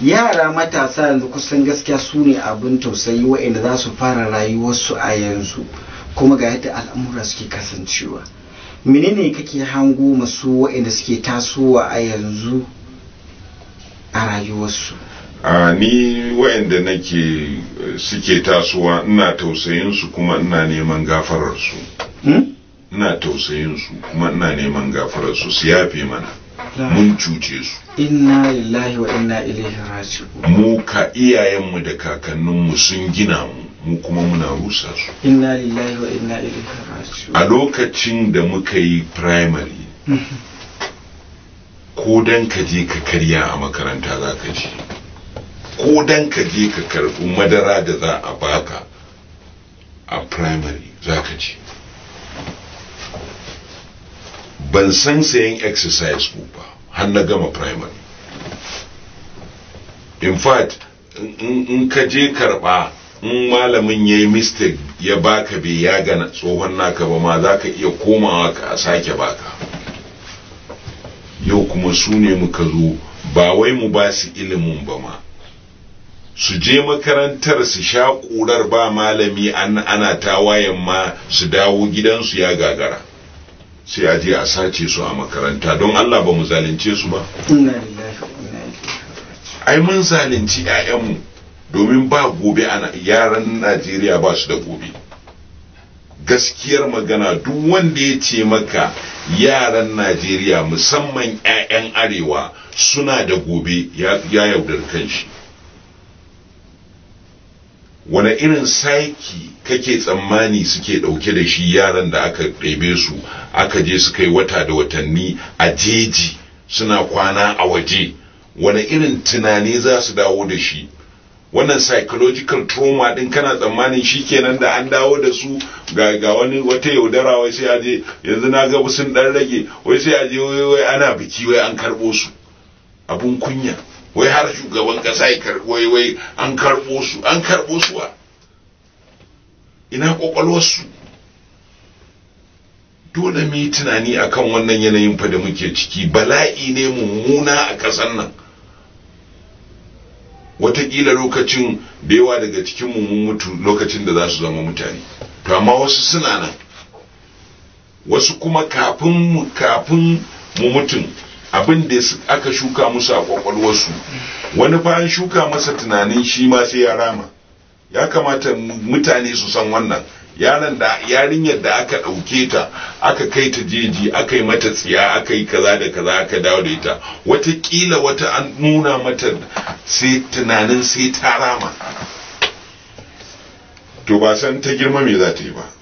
yara matasa yanzu kusan gaskiya su ne abin tausayi wayanda za su fara rayuwarsu a yanzu kuma ga yadda al'amura suke kasancewa menene kake hango masu waɗanda suke tasowa a yanzu a rayuwarsu a ni waɗanda nake suke tasowa ina tausayin su kuma ina neman gafararsu hmm? ina tausayin su kuma ina neman gafararsu su yafe mana mun cuce su inna lillahi wa inna ilaihi raji'un mu ka iyayenmu da kakanninmu sun gina mu mu kuma muna rusa su inna lillahi wa inna ilaihi raji'un a lokacin da muka yi primary mhm. ko dan ka je ka karya a makaranta za ka ji ko dan ka je ka karbi madara da za a baka a primary za ka ji ban san sayan exercise ko ba har na gama primary in fact in ka je karba in malamin ya yi mistake ya baka bai ya gana tsohon naka ba ma za ka iya komawa ka a sake baka yau kuma su ne muka zo ba wai mu ba su ilimin ba ma su je makarantar su sha ƙurar ba malami ana tawayen ma su dawo gidansu ya gagara sai a je a sace su a makaranta don Allah ba mu zalunce su ba ai mun zalunci 'ya'yanmu domin ba gobe a yaran Najeriya ba su da gobe gaskiyar magana duk wanda ya ce maka yaran Najeriya musamman 'ya'yan arewa suna da gobe ya yaudar kan shi. Wane irin saiki kake tsammani suke ɗauke da shi yaran da aka ɗebe su aka je su kai wata da watanni a jeji suna kwana a waje Wane irin tunani za su dawo da shi wannan psychological trauma din kana tsammanin shi kenan da an dawo da su ga, wani wata yaudara wai sai aje yanzu na ga sun dan rage wai sai aje wai ana biki wai an karbo su abun kunya wai har shugaban kasa ya wai wai an karbo su an karbo su wa ina su? dole mu yi tunani akan wannan yanayin fa da muke ciki bala'i ne mummuna a ƙasar nan watakila lokacin da yawa daga cikin mu mutu lokacin da za su zama mutane to amma wasu suna nan wasu kuma kafin mu kafin mu mutum abin da aka shuka musu a kwakwalwarsu wani bayan shuka masa tunanin shi ma sai ya rama ya kamata mutane su san wannan yaran da yarinyar da aka ɗauke ta aka kai ta jeji aka yi mata tsiya aka yi kaza da kaza aka dawo da ita watakila wata an nuna mata sai tunanin sai ta rama to ba san ta girma me za ta yi ba